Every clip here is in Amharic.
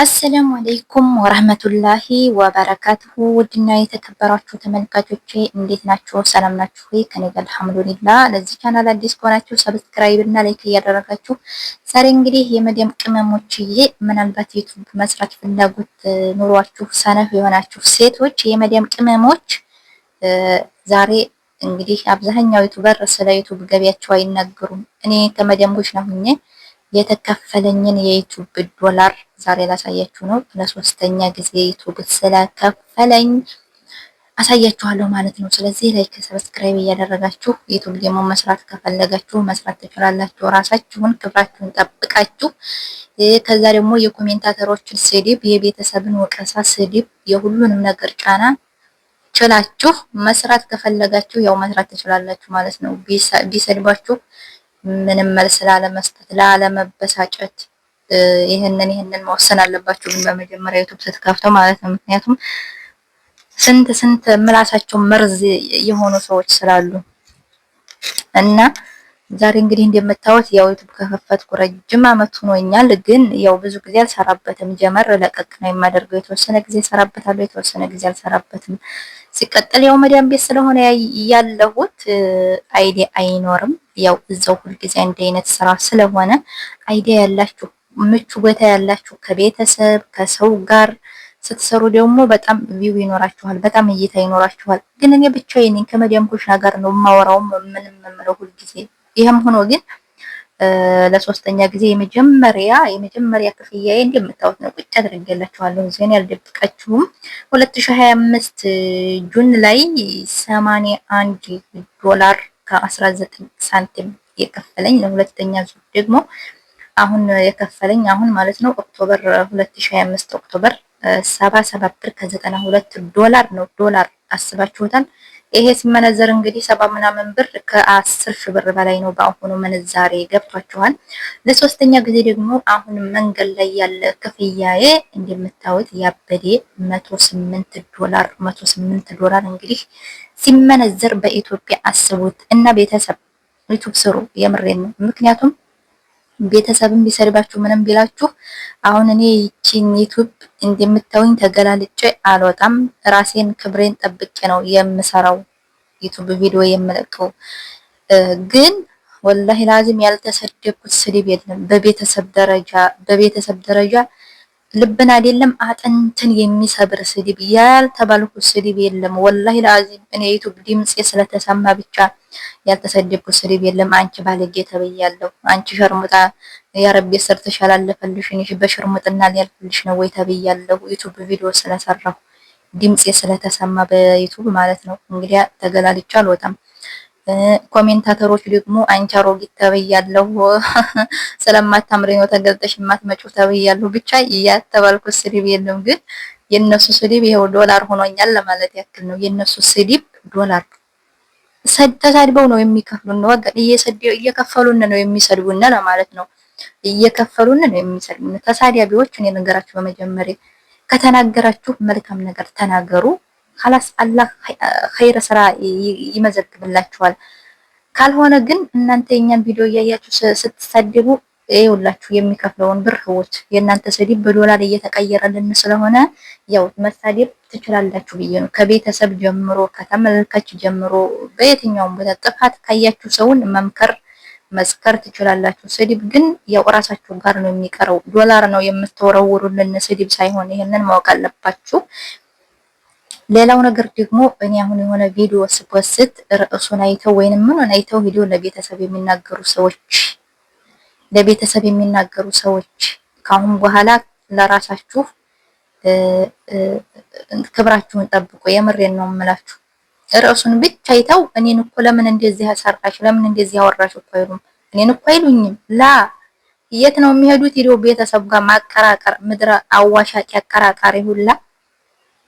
አሰላሙ አለይኩም ወረህመቱላሂ ወበረካቱሁ ውድና የተከበራችሁ ተመልካቾቼ እንዴት ናችሁ? ሰላም ናችሁ ወይ? ከኔ ጋር አልሐምዱሊላህ። ለዚህ ቻናል አዲስ ከሆናችሁ ሰብስክራይብ እና ላይክ እያደረጋችሁ ዛሬ እንግዲህ የመዲያም ቅመሞችዬ ምናልባት ዩቱብ መስራት ፍላጎት ኑሯችሁ ሰነፍ የሆናችሁ ሴቶች የመዲያም ቅመሞች ዛሬ እንግዲህ አብዛኛው ዩቱበር ስለ ዩቱብ ገቢያቸው አይናገሩም። እኔ ከመዲያም ጎሽ ነው የተከፈለኝን የዩቲዩብ ዶላር ዛሬ ላሳያችሁ ነው። ለሶስተኛ ጊዜ ዩቲዩብ ስለከፈለኝ አሳያችኋለሁ ማለት ነው። ስለዚህ ላይክ፣ ሰብስክራይብ እያደረጋችሁ ዩቱብ ደግሞ መስራት ከፈለጋችሁ መስራት ትችላላችሁ። ራሳችሁን ክብራችሁን ጠብቃችሁ። ከዛ ደግሞ የኮሜንታተሮችን ስድብ፣ የቤተሰብን ወቀሳ፣ ስድብ፣ የሁሉንም ነገር ጫና ችላችሁ መስራት ከፈለጋችሁ ያው መስራት ትችላላችሁ ማለት ነው። ቢሰድባችሁ ምንም መልስ ላለመስጠት፣ ላለመበሳጨት ይህንን ይህንን መወሰን አለባችሁ። ግን በመጀመሪያ ዩቱብ ስትከፍተው ማለት ነው። ምክንያቱም ስንት ስንት ምላሳቸው መርዝ የሆኑ ሰዎች ስላሉ እና ዛሬ እንግዲህ እንደምታዩት ያው ዩቱብ ከከፈትኩ ረጅም ዓመት ሆኖኛል። ግን ያው ብዙ ጊዜ አልሰራበትም። ጀመር ለቀቅ ነው የማደርገው። የተወሰነ ጊዜ ሰራበታለሁ፣ የተወሰነ ጊዜ አልሰራበትም። ሲቀጥል ያው መዳም ቤት ስለሆነ ያለሁት አይዲያ አይኖርም። ያው እዛው ሁልጊዜ አንድ አይነት ስራ ስለሆነ አይዲያ ያላችሁ ምቹ ቦታ ያላችሁ ከቤተሰብ ከሰው ጋር ስትሰሩ ደግሞ በጣም ቪው ይኖራችኋል፣ በጣም እይታ ይኖራችኋል። ግን እኔ ብቻዬን ከመዳም ኩሽና ጋር ነው የማወራው ምንም የምለው ሁልጊዜ። ይህም ሆኖ ግን ለሶስተኛ ጊዜ የመጀመሪያ የመጀመሪያ ክፍያዬ እንደምታዩት ነው። ቁጭ አድርጌላችኋለሁ እዚህን ያልደብቃችሁም። 2025 ጁን ላይ 81 ዶላር ከ19 ሳንቲም የከፈለኝ ለሁለተኛ ዙር ደግሞ አሁን የከፈለኝ አሁን ማለት ነው ኦክቶበር 2025 ኦክቶበር 77 ብር ከ92 ዶላር ነው። ዶላር አስባችሁታል። ይሄ ሲመነዘር እንግዲህ ሰባ ምናምን ብር ከአስር ሺህ ብር በላይ ነው በአሁኑ ምንዛሬ ገብቷችኋል። ለሶስተኛ ጊዜ ደግሞ አሁን መንገድ ላይ ያለ ክፍያዬ እንደምታዩት ያበዴ መቶ ስምንት ዶላር መቶ ስምንት ዶላር እንግዲህ ሲመነዘር በኢትዮጵያ አስቡት እና ቤተሰብ ዩቱብ ስሩ። የምሬን ነው ምክንያቱም ቤተሰብም ቢሰድባችሁ ምንም ቢላችሁ አሁን እኔ ይቺን ዩቲዩብ እንደምታዩኝ ተገላልጬ አልወጣም። ራሴን ክብሬን ጠብቄ ነው የምሰራው ዩቲዩብ ቪዲዮ የምለቀው። ግን ወላሂ ላዚም ያልተሰደብኩት ስድብ የለም። በቤተሰብ ደረጃ በቤተሰብ ደረጃ ልብን አይደለም አጥንትን የሚሰብር ስድብ ያልተባልኩት ስድብ የለም። ወላሂ ለአዚም እኔ ዩቱብ ድምጽ ስለተሰማ ብቻ ያልተሰደብኩት ስድብ የለም። አንቺ ባለጌ ተብያለሁ። አንቺ ሸርሙጣ ያረብ ሰርተሽ አላለፈልሽ እኔ በሸርሙጥና ሊያልፍልሽ ነው ወይ ተብያለሁ። ዩቱብ ቪዲዮ ስለሰራሁ ድምጽ ስለተሰማ በዩቱብ ማለት ነው። እንግዲያ ተገላልቻ አልወጣም። ኮሜንታተሮች ደግሞ አንቺ አሮጊት ተብያለሁ፣ ስለማታምሪ ነው ተገልጠሽ የማትመጪው ተብያለሁ። ብቻ እያተባልኩ ስድብ የለም ግን የነሱ ስድብ ይሄው ዶላር ሆኖኛል ለማለት ያክል ነው። የነሱ ስድብ ዶላር ተሳድበው ነው የሚከፍሉን ነው፣ እየከፈሉን ነው የሚሰድቡን ለማለት ነው። እየከፈሉን ነው የሚሰድቡን። ተሳዳቢዎች እኔ ነገራችሁ በመጀመሪያ ከተናገራችሁ መልካም ነገር ተናገሩ። ካላስ አላህ ኸይረ ስራ ይመዘግብላችኋል። ካልሆነ ግን እናንተ የኛን ቪዲዮ እያያችሁ ስትሰድቡ ይኸውላችሁ የሚከፍለውን ብር ህይወት የእናንተ ስድብ በዶላር እየተቀየረልን ስለሆነ ያው መሳደብ ትችላላችሁ ብዬ ነው። ከቤተሰብ ጀምሮ ከተመልካች ጀምሮ በየትኛውም ቦታ ጥፋት ካያችሁ ሰውን መምከር መስከር ትችላላችሁ። ስድብ ግን ያው እራሳችሁ ጋር ነው የሚቀረው። ዶላር ነው የምትወረውሩልን ስድብ ሳይሆን፣ ይህንን ማወቅ አለባችሁ። ሌላው ነገር ደግሞ እኔ አሁን የሆነ ቪዲዮ ስፖስት ርዕሱን አይተው ወይንም ምኑን አይተው ቪዲዮ ለቤተሰብ የሚናገሩ ሰዎች ለቤተሰብ የሚናገሩ ሰዎች ከአሁን በኋላ ለራሳችሁ ክብራችሁን ጠብቁ። የምሬን ነው የምላችሁ። ርዕሱን ብቻ አይተው እኔን እኮ ለምን እንደዚህ ያሰራሽ፣ ለምን እንደዚህ ያወራሽ እኮ አይሉም። እኔን እኮ አይሉኝም። ላ የት ነው የሚሄዱት? ሄዶ ቤተሰብ ጋር ማቀራቀር ምድረ አዋሻቂ አቀራቃሪ ሁላ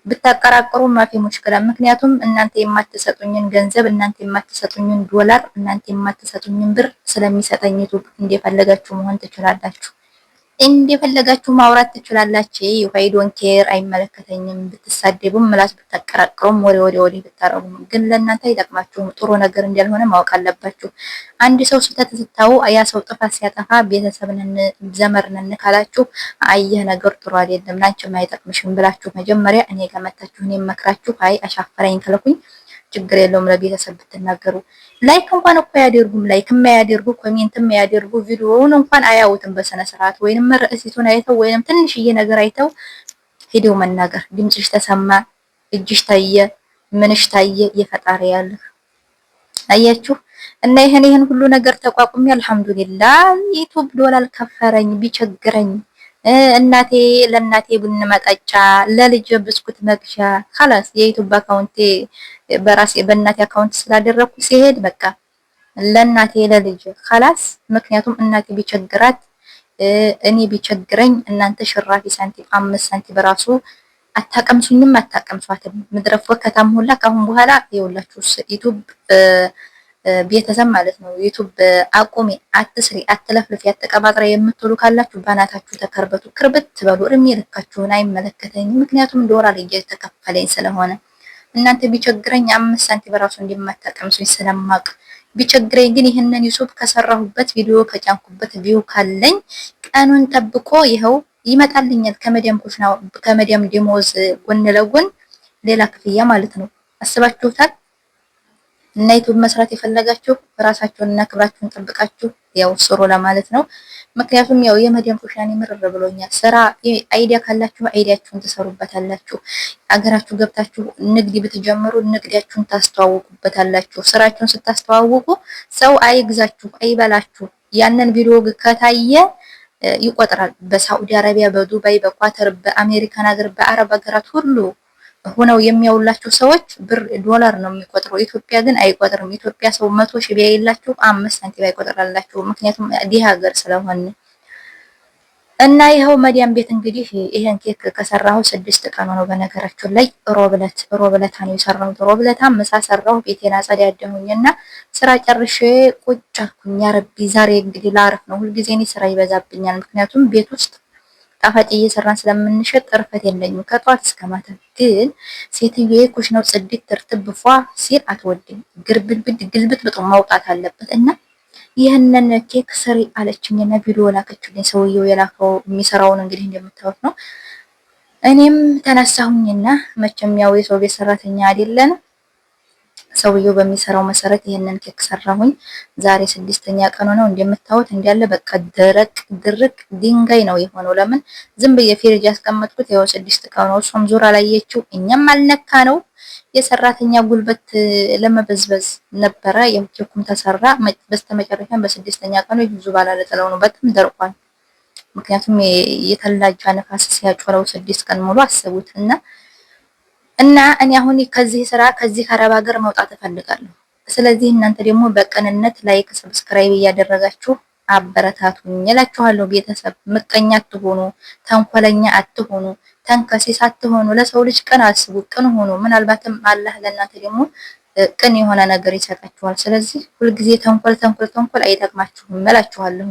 ብታቀራቅሩ ማፊ ሙሽክላ። ምክንያቱም እናንተ የማትሰጡኝን ገንዘብ እናንተ የማትሰጡኝን ዶላር እናንተ የማትሰጡኝን ብር ስለሚሰጠኝ ዩቱብ እንደፈለጋችሁ መሆን ትችላላችሁ። እንደፈለጋችሁ ማውራት ትችላላችሁ። አይ ዶንት ኬር አይመለከተኝም። ብትሳደቡም ምላስ ብታቀራቅሩም ወሬ ወሬ ወሬ ብታረጉም ግን ለእናንተ አይጠቅማችሁም። ጥሩ ነገር እንዳልሆነ ማወቅ አለባችሁ። አንድ ሰው ስህተት ስታዩ ያ ሰው ጥፋት ሲያጠፋ ቤተሰብነን ዘመርነን ካላችሁ አየህ ነገር ጥሩ አይደለም፣ ላንቺም አይጠቅምሽም ብላችሁ መጀመሪያ እኔ ጋር መታችሁ እኔ መክራችሁ አይ አሻፈረኝ ከለኩኝ ችግር የለውም። ለቤተሰብ ብትናገሩ ላይክ እንኳን እኮ አያደርጉም። ላይክ የማያደርጉ ኮሜንት የማያደርጉ ቪዲዮውን እንኳን አያዩትም በስነ ስርዓት ወይንም ርዕሲቱን አይተው ወይንም ትንሽዬ ነገር አይተው ሄደው መናገር ድምጽሽ ተሰማ፣ እጅሽ ታየ፣ ምንሽ ታየ፣ የፈጣሪ ያለህ አያችሁ እና ይሄን ይሄን ሁሉ ነገር ተቋቁሜ አልሐምዱሊላ ዩቲዩብ ዶላር ከፈረኝ ቢቸግረኝ እናቴ ለእናቴ ቡና መጠጫ ለልጅ ብስኩት መግዣ ኸላስ የዩቲዩብ አካውንቴ በራሴ በእናቴ አካውንት ስላደረኩ ሲሄድ በቃ ለእናቴ ለልጅ ከላስ ምክንያቱም እናቴ ቢቸግራት እኔ ቢቸግረኝ እናንተ ሽራፊ ሳንቲም አምስት ሳንቲም በራሱ አታቀምሱኝም አታቀምሷትም። ምድረ ወከታም ሁላ ካሁን በኋላ የውላችሁ ዩቱብ ቤተሰብ ማለት ነው። ዩቱብ አቁሜ አትስሪ፣ አትለፍልፊ፣ አትቀባጥሪ የምትሉ ካላችሁ በናታችሁ ተከርበቱ፣ ክርብት ትበሉ። እድሜ ልካችሁን አይመለከተኝም፣ ምክንያቱም ዶላር እየተከፈለኝ ስለሆነ እናንተ ቢቸግረኝ አምስት ሳንቲም በራሱ እንደማታቀምሱኝ ስለማቅ ቢቸግረኝ ግን ይህንን ዩቱብ ከሰራሁበት ቪዲዮ ከጫንኩበት ቪው ካለኝ ቀኑን ጠብቆ ይኸው ይመጣልኛል። ከመዲያም ኩሽና ከመዲያም ደሞዝ ጎን ለጎን ሌላ ክፍያ ማለት ነው። አስባችሁታል? እና ዩቱብ መስራት የፈለጋችሁ እና ክብራችሁን ጠብቃችሁ ያው ስሩ ለማለት ነው። ምክንያቱም ያው የመዲያም ቁሻኔ ምርር ብሎኛል። ስራ አይዲያ ካላችሁ አይዲያችሁን ትሰሩበታላችሁ። አገራችሁ ገብታችሁ ንግድ ብትጀምሩ ንግዳችሁን ታስተዋውቁበታላችሁ። ስራችሁን ስታስተዋውቁ ሰው አይግዛችሁ፣ አይበላችሁ። ያንን ቪዲዮ ከታየ ይቆጥራል። በሳዑዲ አረቢያ፣ በዱባይ፣ በኳተር፣ በአሜሪካን ሀገር፣ በአረብ ሀገራት ሁሉ ሆነው የሚያውላቸው ሰዎች ብር ዶላር ነው የሚቆጥሩ። ኢትዮጵያ ግን አይቆጥርም። ኢትዮጵያ ሰው መቶ ሺህ ቢያይላችሁ አምስት ሳንቲም አይቆጥራላችሁ። ምክንያቱም ዲህ ሀገር ስለሆነ እና ይኸው መዲያም ቤት እንግዲህ ይሄን ኬክ ከሰራሁ ስድስት ቀኑ ነው። በነገራችን ላይ ሮብለት ሮብለታ ነው የሰራሁት። ሮብለታ ምሳ ሰራሁ፣ ቤቴን አጸዳዳሁኝ እና ስራ ጨርሼ ቁጭ አልኩኝ። ረቢ ዛሬ እንግዲህ ላረፍ ነው። ሁልጊዜ እኔ ስራ ይበዛብኛል፣ ምክንያቱም ቤት ውስጥ ጣፋጭ እየሰራን ስለምንሸጥ እርፈት የለኝም ከጧት እስከ ማታ። ግን ሴትዮ ኩሽናው ጽድት ትርትብ ፏ ሲል አትወድም። ግርብድብድ ግልብት ብጦ ማውጣት አለበት እና ይህንን ኬክ ስሪ አለችኝ አለችኝና ቪዲዮ ላከችልኝ። ሰውየው የላከው የሚሰራውን እንግዲህ እንደምታዩት ነው። እኔም ተነሳሁኝና መቼም ያው የሰው ቤት ሰራተኛ አይደለንም ሰውየው በሚሰራው መሰረት ይህንን ኬክ ሰራሁኝ። ዛሬ ስድስተኛ ቀኑ ነው። እንደምታዩት እንዳለ በቃ ደረቅ ድርቅ ድንጋይ ነው የሆነው። ለምን ዝም ብዬ ፍሪጅ ያስቀመጥኩት ያው ስድስት ቀኑ ነው። እሷም ዙር አላየችው፣ እኛም አልነካ ነው። የሰራተኛ ጉልበት ለመበዝበዝ ነበረ። ያው ኬኩም ተሰራ። በስተመጨረሻም በስድስተኛ ቀኑ ብዙ ባላለጠለው ነው በጣም ደርቋል። ምክንያቱም የተላጃ ነፋስ ሲያጮረው ስድስት ቀን ሙሉ አስቡት እና እኔ አሁን ከዚህ ስራ ከዚህ ከአረብ ሀገር መውጣት እፈልጋለሁ። ስለዚህ እናንተ ደግሞ በቅንነት ላይክ፣ ሰብስክራይብ እያደረጋችሁ አበረታቱኝ እላችኋለሁ። ቤተሰብ ምቀኛ አትሆኑ፣ ተንኮለኛ አትሆኑ፣ ተንከሲስ አትሆኑ። ለሰው ልጅ ቅን አስቡ፣ ቅን ሆኑ። ምናልባትም አላህ ለእናንተ ደግሞ ቅን የሆነ ነገር ይሰጣችኋል። ስለዚህ ሁልጊዜ ተንኮል ተንኮል ተንኮል አይጠቅማችሁም እላችኋለሁ።